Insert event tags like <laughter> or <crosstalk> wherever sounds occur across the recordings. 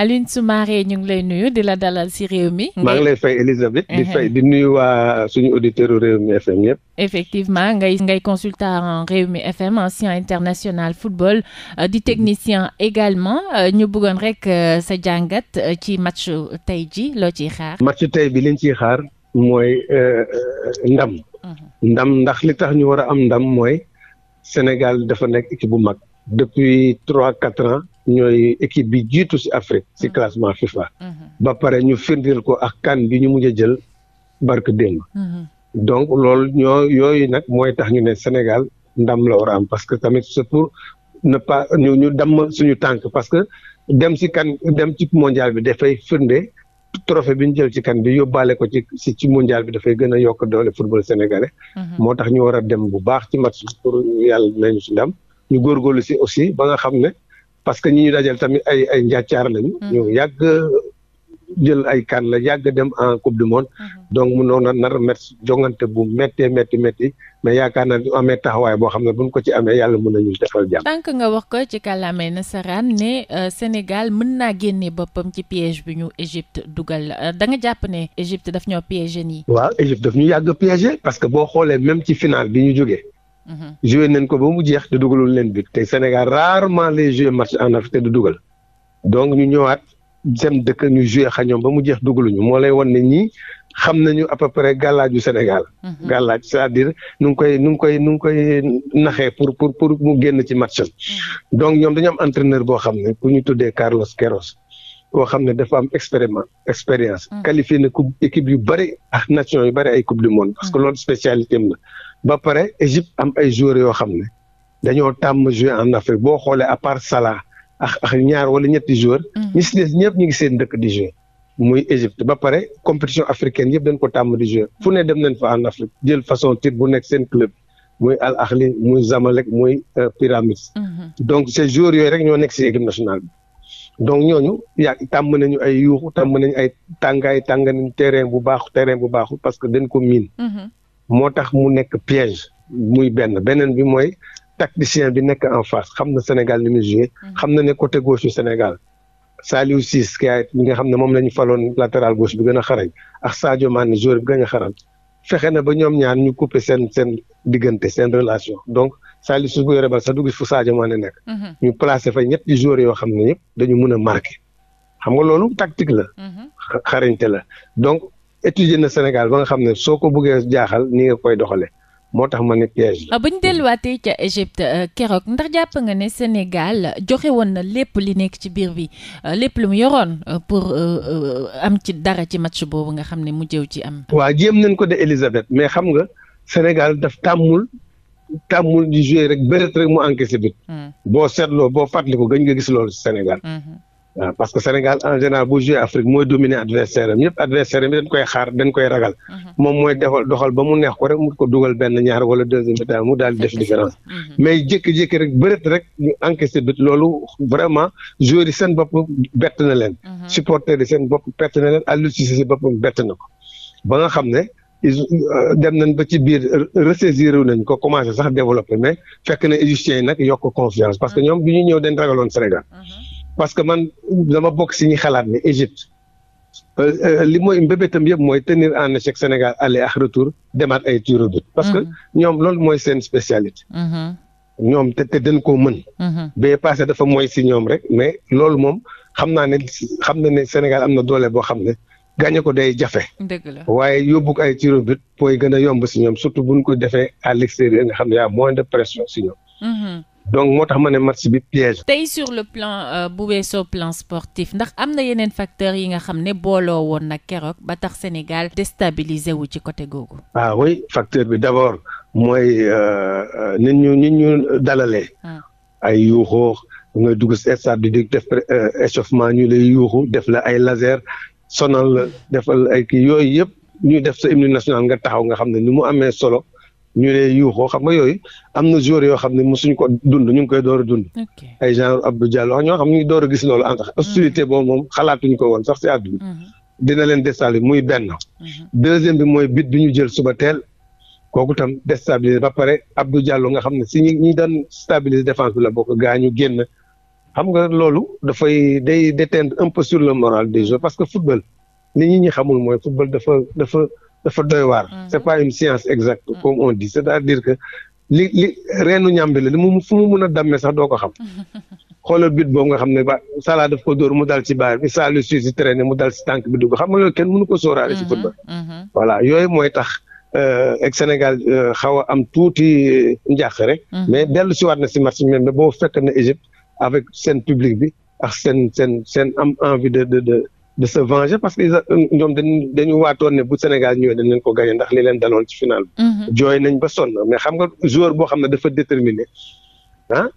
Alioune Soumaré ñu ngi lay nuyu di la dalal si réew mi. maa ngi lay fay Elisabeth. di nuyu waa suñu auditeurs réew mi FM yëpp. effectivement ngay ngay consultant réew mi FM ancien international football euh, di technicien également euh, ñu bëggoon rek euh, sa jàngat ci match tey ji loo ciy xaar. match tey bi liñ ciy xaar mooy ndam. Mhm. ndam ndax li tax ñu war a am ndam mooy Sénégal dafa nekk équipe bu mag. depuis trois quatre ans. ñooy équipe bi jiitu ci Afrique ci mm-hmm. classement FIFA. Mm-hmm. ba pare ñu firndeel ko ak kan bi ñu mujj a jël barke démb. Mm-hmm. donc loolu ñoo yooyu nag mooy tax ñu ne Sénégal ndam la war a am parce que tamit c'est pour ne ñu ñu damm suñu tànk parce que dem ci kan dem ci mondial bi dafay firnde. trophée bi ñu jël ci kan bi yóbbaale ko ci si ci mondial bi dafay gën a yokk doole football sénégalais. moo tax ñu war a dem bu baax ci match pour yàlla nañu ci ndam. ñu góorgóorlu si aussi ba nga xam ne parce que ñi ñu dajal tamit ay ay njàccaar lañu. Mm-hmm. ñu yàgg jël ay kaan la yàgg dem en coupe du monde. Mm-hmm. donc mu noonu nar a jongante bu méttee métti métti mais yaakaar naa ñu amee taxawaay boo xam ne buñ ko ci amee yàlla mën nañu defal jàmm. tànk nga wax ko ci kàllaamay nasaraan ne euh, Sénégal mën naa génne boppam ci piège bi ñu Égypte dugal euh, da nga jàpp ne Égypte daf ñoo piégé nii. waaw Égypte daf ñu yàgg piégé parce que boo xoolee même ci final bi ñu jógee. joué nañ ko ba mu jeex te dugalul leen bi te Sénégal rarement lay joué match en Afrique te dugal donc ñu ñëwaat dem dëkk ñu joué xañoom ba mu jeex dugaluñu moo lay wan ne ñii xam nañu à peu près gàllaaju Sénégal. Mhm. gàllaaj c'est-à-dire nu ngi koy nu ngi koy nu ngi koy naxee pour pour pour mu génn ci match mhm. donc ñoom dañu am entraîneur boo xam ne ku ñu tuddee Carlos keros koo xam ne dafa am expériment expérience. Mhm. qualifié na coupe équipe yu bëri a nation yu bëri ay coupe du monde parce que loolu spécialité am ba pare Égypte am ay joueurs yoo xam ne dañoo tàmm jouer en Afrique boo xoolee à part Salah ak ñaar wala ñetti joueurs. Mm-hmm. ñi si des ñëpp ñu ngi seen dëkk di jouer. muy Égypte ba pare compétition africaine yëpp dañ ko tàmm di jouer fu ne dem nañ fa en Afrique jël façon titre bu nekk seen club muy Al Ahly muy Zamalek muy euh, Pyramids. Mm-hmm. donc ces joueurs yooyu rek ñoo nekk si équipe nationale bi. donc ñooñu yaa tàmm nañu ay yuuxu tàmm nañu ay tàngaay tànga nañu terrain bu baaxu terrain bu baaxu parce que dañ ko miin. Mm-hmm. moo tax mu nekk piège muy benn beneen bi mooy tacticien bi nekk en face xam na Sénégal li muy mm. xam na ne côté gauche yu Sénégal Saliou Ciss ki ñi nga xam ne moom la ñu faloon latéral gauche bi gën a xarañ ak Sadio Mané joueur bi gën a xarañ fexe na ba ñoom ñaar ñu couper seen seen diggante seen relation donc Saliou Ciss bu yore bal sax du fu fu Sadio ne nekk. Mm-hmm. ñu placé fa ñetti joueurs yoo xam ne ñëpp dañu mën a marqué xam nga loolu tactique la. Mm-hmm. la étudier na Sénégal ba nga xam ne soo ko buggee jaaxal ni nga koy doxalee moo tax ma ne piège la. Ah, bu ñu delluwaatee ca Égypte euh, keroog ndax jàpp nga ne Sénégal joxe woon na lépp li nekk ci biir bi euh, lépp lu mu yoroon euh, pour am ci dara ci match boobu nga xam ne mu ci am. waa jéem nañ ko de Elisabeth mais xam nga Sénégal daf tàmmul tàmmul di jouer rek bëreet rek mu encaissé bi. Hmm. boo seetloo boo fàttali ko gëj nga gis loolu Sénégal. Hmm. waaw ah, parce que Sénégal en général bu joué Afrique mooy dominer adversaire am ñëpp adversaire am dañ koy xaar dañ koy ragal mhm. moom mooy defal doxal ba mu neex ko rek mu ko dugal benn ñaar wala deuxième état mu daal di def différence mhm. jékki rek bërët rek ñu encaissé bit loolu yi seen bopp bett na leen mhm. supporters yi seen bopp bett na leen Aliou Cissé si ko ba nga xam ne euh, dem nañ ba ci biir ressaisir nañ ko commencé sax développé mais fekk na égyptiens yi nag yokk confiance parce que ñoom bi ñu ñëw dañ ragaloon Sénégal parce que man dama bokk si ñi xalaat ne Égypte euh, euh, li mooy mbébétam yëpp mooy tenir en échec Sénégal aller ak retour demaat ay tirs parce que mm-hmm. ñoom loolu mooy seen spécialité. Mm-hmm. ñoom te te dañ koo mën. Mm-hmm. bee passé dafa mooy si ñoom rek mais lool moom xam naa ne xam na ne Sénégal am na doole boo xam ne gagné ko day jafe. dëgg waaye yóbbu ko ay tirs au but a yomb si ñoom surtout bu buñ koy defee à l'extérieur nga xam ne a moins de pression si ñoom. donc moo tax ma ne match bi piège. tey sur le plan euh, bu weesoo plan sportif ndax am na yeneen facteurs yi nga xam ne booloo woon nag keroog ba tax Sénégal déstabilisé wu ci côté googu. ah oui facteur bi d'abord mooy euh, euh, nit ñu nit ñu dalalee. Ah. ay yuuxoo nga dugg si stade di def échauffement ñu lay yuuxu def la ay laser sonal la defal ay kii yooyu yëpp ñuy def sa hymne national nga taxaw nga xam ne ni mu amee solo. ñu ne yuuxoo xam nga yooyu am na joueur yoo xam ne mosuñ ko dund ñu ngi koy door a dund. ay genre Abdou Diallo ñoo xam ñu ngi door a gis loolu entre mm-hmm. ko woon sax si àdduna. Mm-hmm. muy benn. Mm-hmm. deuxième bi mooy bit bi jël suba teel. kooku tam déstabiliser ba pare Abdou Diallo nga xam ne si ñi ñi daan stabiliser défense bi la bokk gaa ñu génn. xam nga loolu dafay day déteindre un le moral de joueurs parce que football li ñi ñi xamul mooy football dafa dafa. dafa doy waar mhm. c'est pas une science exacte mhm. comme on dit cest a dire que li li reenu ñàmbi la li mu fu mu mun a dammee sax doo ko xam <laughs> xoolal bit boobu nga xam ne ba Salah daf ko mu dal ci baar bi saa lu suy si traîné mu dal si tànk bi dugg xam nga loolu kenn mënu ko sóoraale ci mhm. football voilà yooyu mooy tax ak euh, Sénégal euh, xaw a am tuuti euh, njàq mais dellu si waat na si match même boo fekk na Égypte avec seen public bi am envie de de de se parce que ñoom dañu dañu waatoon ne bu Sénégal ñëwee dañ leen ko gagné ndax li leen daloon ci final bi. Mhm. jooy nañ ba sonn mais xam nga joueur boo xam ne dafa déterminé ah.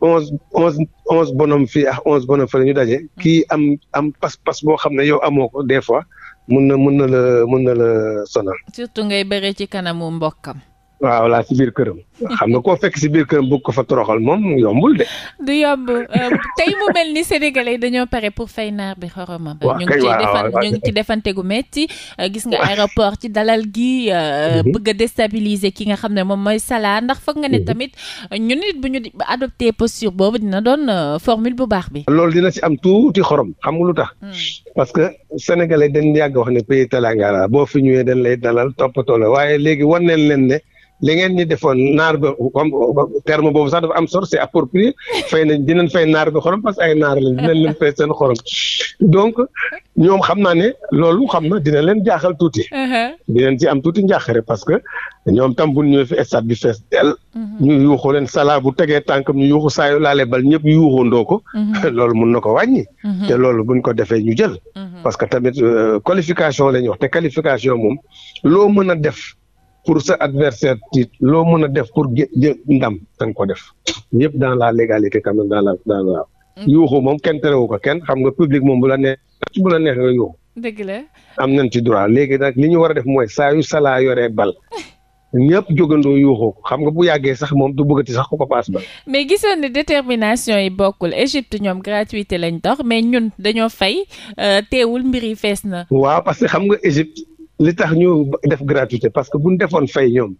onze onze onze bonhomme fii ak onze bonhomme fële ñu daje. kii mhm. am am pas-pas boo xam ne yow amoo ko des fois mun na mun na la mun na la sonal. surtout ngay bëre ci kanamu mbokkam. waaw laa si biir këram. xam nga koo fekk si biir këram bëgg ko fa toroxal moom yombul de. du yomb euh, tey mu mel ni sénégalais dañoo pare pour fay naar bi xoromam. ñu ngi ciy defan ñu ngi ci defante gu metti euh, gis nga aéroport ci dalal gi. Euh, mhm. bëgg a ki nga xam ne moom mooy Salah ndax foog nga ne mhm. tamit ñu nit bu ñu adopté posture boobu dina doon formule bu baax bi. loolu dina si am tuuti xorom xam nga tax. Hmm. parce que sénégalais dañ yàgg wax ne pays Teranga la boo fi ñëwee dañ lay dalal toppatoo la waaye léegi wan nañ leen ne. li ngeen defoon naar bi comme terme boobu sax dafa am solo c'est approprié fay nañ dinañ fay naar bi xorom parce ay naar lañ dinañ leen fay seen xorom donc ñoom xam naa ne loolu xam na dina leen jaaxal tuuti. Uh-huh. dinañ ci am tuuti njaaxare parce que ñoom tam bu ñu ñëwee fi stade bi fees mm-hmm. yuuxu leen salaa bu tegee tànkam ñu yuuxu saa yu laalee bal ñëpp yuuxandoo ko. Mm-hmm. <laughs> loolu mun na ko wàññi. Mm-hmm. te loolu buñ ko defee ñu jël. parce que tamit euh, qualification la ñuy wax te qualification moom loo mën a def. pour sa adversaire tiit loo mën a def pour jë ndam danga ko def yëpp dans la légalité quand même dans la dans la yuuxu moom kenn terewu ko kenn xam nga public moom bu la neex bu la neex nga yuuxu dëgg la am nañ ci droit léegi nag li ñu war a def mooy saa yu salaa bal ñëpp jógandoo yuuxoo xam nga bu yàggee sax moom du buggati sax ku ko paas ba. mais gisoon ne détermination yi bokkul Égypte ñoom gratuité lañ dox mais ñun dañoo fay euh, teewul mbir yi fees na. waaw parce que xam nga Égypte li tax ñu def gratuité parce que bu ñu defoon fay ñoom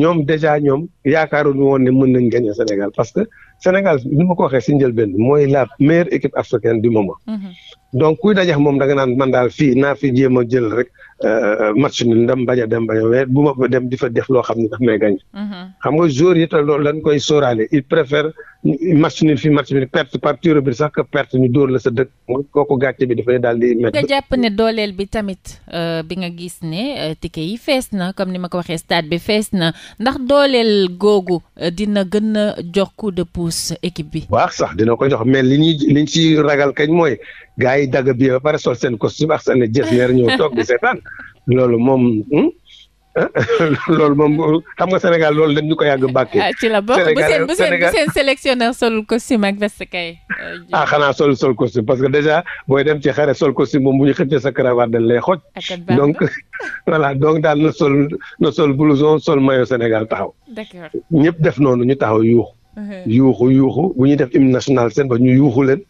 ñoom déjà ñoom yaakaaruñu woon ne mën nañ gagner Sénégal parce que Sénégal bi ma ko waxee si njëlbeen mooy la meilleure équipe africaine du moment. Mhm. donc kuy dajax moom da nga naan man daal fii naa fi jéem a jël rek euh, match ni ndam bañ a dem bañ a weer bu ma dem di fa def loo xam ne daf may gañ. Mhm. xam nga joueurs yi loolu dañ koy bi perte par tir au but sax que gàcce bi dafay daal di. nga jàpp ne dooleel bi tamit euh, bi nga gis ne euh, ticket yi fees na comme ni ma ko waxee stade bi fees na ndax dooleel googu dina gën a jox coup de pousse équipe bi. waax sax dina ko jox mais li ñuy li ñu ciy ragal kañ mooy gars yi dagg bi ba pare sol seen costume ak seen jëf yar ñëw toog di seetaan loolu moom. Hmm? <laughs> loolu moom xam nga Sénégal loolu dañ ñu ko yàgg bàkkee. Ah, ci la bokk bu seen bu seen bu seen sélectionneur solul costume ak veste kay. Ah, xanaa sol sol costume parce que déjà booy dem ci xare sol costume moom bu ñu xëccee sa cravate dañ lay xoj. donc <laughs> voilà donc daal na sol na sol blouson sol maillot Sénégal taxaw. d'accord def noonu ñu taxaw yuux Mhm. yuuxu yuuxu bu ñu def hymne national seen ba ñu yuuxu leen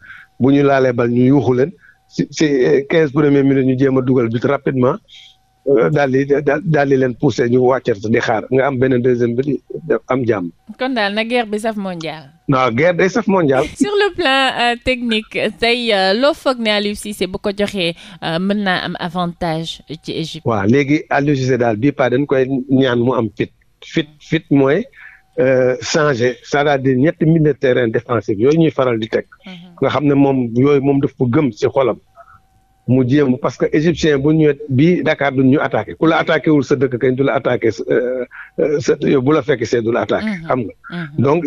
bu ñu laalee bal ñu yuuxu leen si si eh, quinze premières minutes ñu jéem a dugal but rapidement euh, daal di daal di leen poussé ñu wàccat di xaar nga am benn deuxième bi am jàmm. kon daal na guerre bi saf mondial. non guerre day saf mondial. <laughs> sur le plan euh, technique tey euh, loo foog ne Aliou Cissé bu ko joxee mën naa am avantage ci Égypte. waaw léegi Aliou Cissé daal bi paa dañ koy ñaan mu am fit fit fit mooy. Euh, changé c'est-à-dire ñetti milieu de terrain défensif yooyu ñuy faral di a mm-hmm. nga xam ne moom yooyu moom daf gëm ci xolam mu jéem parce que égyptien bu ñëwee bii Dakar du ñu attaqué ku la attaqué wul sa dëkk kañ du la attaqué sa euh, euh, yow bu la fekk see du la attaqué. Mm-hmm. xam nga mm-hmm. donc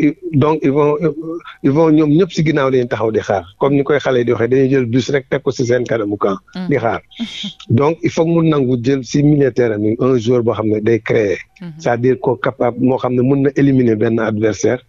donc ils euh, ñëpp si ginnaaw dañuy taxaw di xaar comme ni koy xale di waxee dañuy jël bus rek teg ko si seen kanamu camp. Mm-hmm. di xaar <laughs> donc il jël si militaire am un joueur boo xam ne day créer. c'est-à-dire moo xam ne mun na éliminer benn adversaire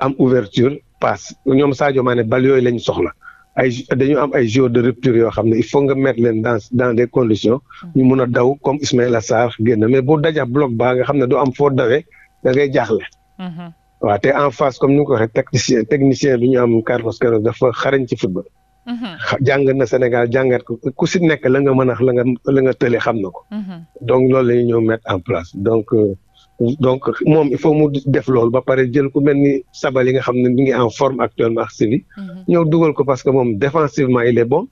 am ouverture passe ñoom Sadio Mané bal yooyu lañ soxla. ay dañu am ay jours de rupture yoo xam ne il faut nga mettre leen dans dans des conditions ñu mun a daw comme a Sarr génn mais bu daja bloc ba nga xam ne doo am foo dawee da ngay jaaxle. Mm-hmm. waaw te en face comme ni nga ko technicien bi ñu am Carlos Queiroz dafa xarañ ci football. Mm-hmm. jàng na Sénégal jàngat ko ku si nekk la nga mën la nga la nga tële xam na ko. Mm-hmm. donc loolu la ñu ñëw mettre en place donc. Euh, donc moom il faut mu def loolu ba pare jël ku mel ni Sabali nga xam ne mi ngi en forme actuellement ak Séville mhm. ñëw dugal ko parce que moom défensivement il est bon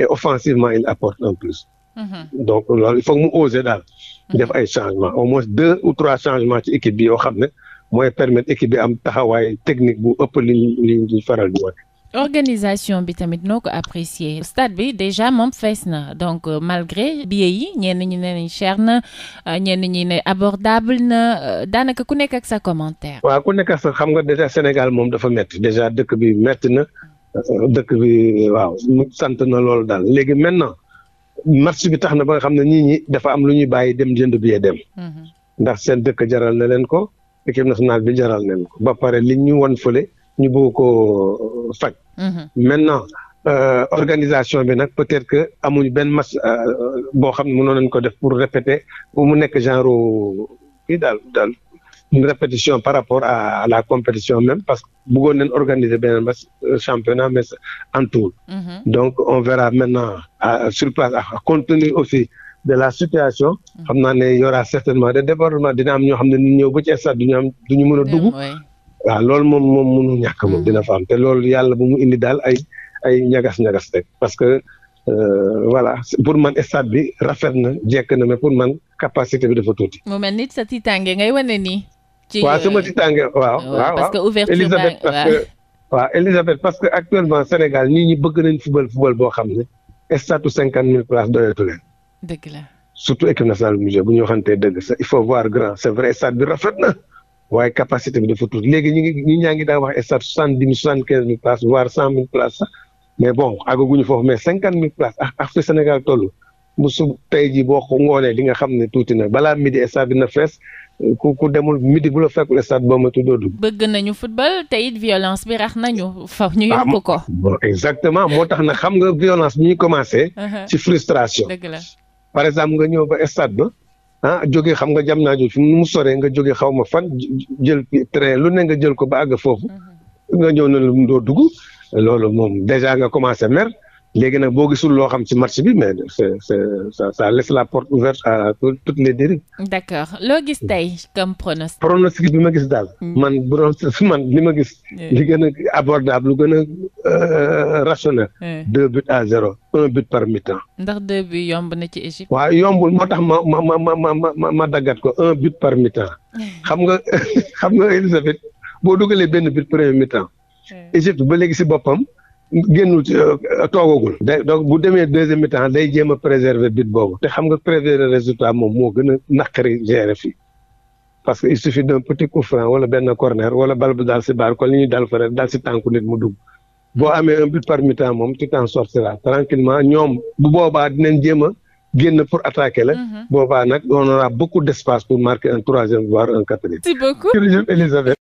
et offensivement il apporte un plus. Mhm. donc loolu il faut mu oser daal. Mhm. def ay changement au moins deux ou trois changement ci équipe bi yoo xam ne mooy permettre équipe bi am taxawaay technique bu ëpp li li faral di wane. organisation bi tamit noo ko apprécier stade bi déjà moom fees na donc euh, malgré bi yi ñenn ñi ne nañ cher na euh, ñenn ñi ne abordable na euh, daanaka ku nekk ak sa commentaire. waaw ku nekk ak sa xam nga déjà Sénégal moom dafa metti déjà dëkk bi metti na dëkk bi waaw sant na lool daal léegi na marché bi tax na ba nga xam ne nit ñi dafa am lu ñuy bàyyi dem jënd billet dem. Mhm. ndax seen dëkk jaral na leen ko équipe nationale bi jaral na ko ba pare li ñu won fële ñu Mm-hmm. maintenant euh, organisation bi nag peut-être que amuñu benn mas euh, boo xam ne mënoon nañ ko def pour répéter bu nekk genre kii daal daal une répétition par rapport à, à la compétition même parce que bëggoon nañ organiser beneen mas euh, championnat mais en tout. Mm -hmm. donc on verra maintenant à, sur place à compte aussi de la situation. Mm-hmm. xam naa ne y aura certainement des débordements dina am xam ne ñu ñëw ba ci du ñu am du waaw loolu moom moom mënu ñàkk moom mm. dina fa am te loolu yàlla bu mu indi daal ay ay ñagas-ñagas rek parce que euh, voilà pour man stade bi rafet na jekk na mais pour man capacité bi dafa tuuti. mu mel nit sa tiitaange ngay wane nii. ci waaw sama euh, tiitaange waaw. waaw parce que ouverture Elisabeth parce que waaw parce que actuellement Sénégal nit ñi bëgg nañ football football boo xam ne stade cinquante mille places doyatu leen. dëgg la surtout équipe nationale bu ñu bu ñu waxantee dëgg il faut voir grand c'est vrai stade bi rafet na. waaye capacité bi dafa tuuti léegi ñu ngi ñu ñaa ngi daa wax stade soixante dix mille soixante quinze mille places voire cent mille places sax mais bon àggaguñu foofu mais cinquante mille places ak ak fi bu su tey jii boo ko ngoonee di nga xam ne tuuti na balaa midi stade na fees ku ku demul midi bu la fekkul stade boo ma tuddoo dugg. bëgg nañu football te it violence bi rax nañu fa ñu ah, yokk ko. bon exactement moo tax na xam nga violence bi ñu commencé. <laughs> Uh-huh. ci frustration. dëgg par exemple nga ñëw ba stade ah jóge xam nga jam naajo fi mu soree nga jóge xaw ma fan jël train lu ne nga jël ko ba àgg foofu mm-hmm. nga ñëw na lu doo dugg loolu moom déjà nga commencé mer léegi nag boo gisul loo xam ci match bi mais c'est ça ça la porte ouverte à toutes les dérives. d'accord loo gis mm. tey comme pronostic. pronostic bi ma gis daal. Mm. man bu doon <laughs> man li ma gis. li gën a abordable lu gën a euh, rationnel. deux buts à zéro un but par mi-temps. ndax deux buts yomb na ci Égypte. waaw yombul moo tax ma ma ma ma ma ma ma daggat ko un but par mi-temps. <laughs> xam nga <laughs> xam nga Elisabeth boo dugalee benn but premier mi-temps. Égypte ba léegi si boppam. génnul euh, toogagul day donc bu demee deuxième mi day jéem a préserver bit boobu te xam nga préserver résultat moom moo gën a naqari gérer fii parce que il suffit d'un petit coup franc wala benn corner wala bal bu daal si baar kon li ñuy dal fa rek daal si tànku nit mu dugg boo amee un but par mi-temps moom tu t'en sortiras tranquillement ñoom bu boobaa dinañ jéem a génn pour attaquer la. Mm-hmm. boobaa nag on aura beaucoup d'espace pour marquer un troisième voire un quatrième.